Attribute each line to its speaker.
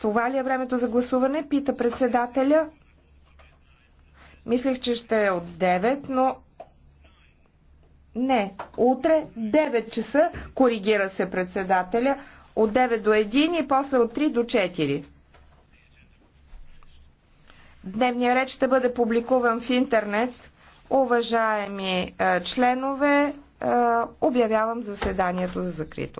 Speaker 1: Това ли е времето за гласуване? Пита председателя. Мислих, че ще е от 9, но... Не, утре 9 часа, коригира се председателя, от 9 до 1 и после от 3 до 4. Дневният ред ще бъде публикуван в интернет. Уважаеми е, членове, е, обявявам заседанието за закрито.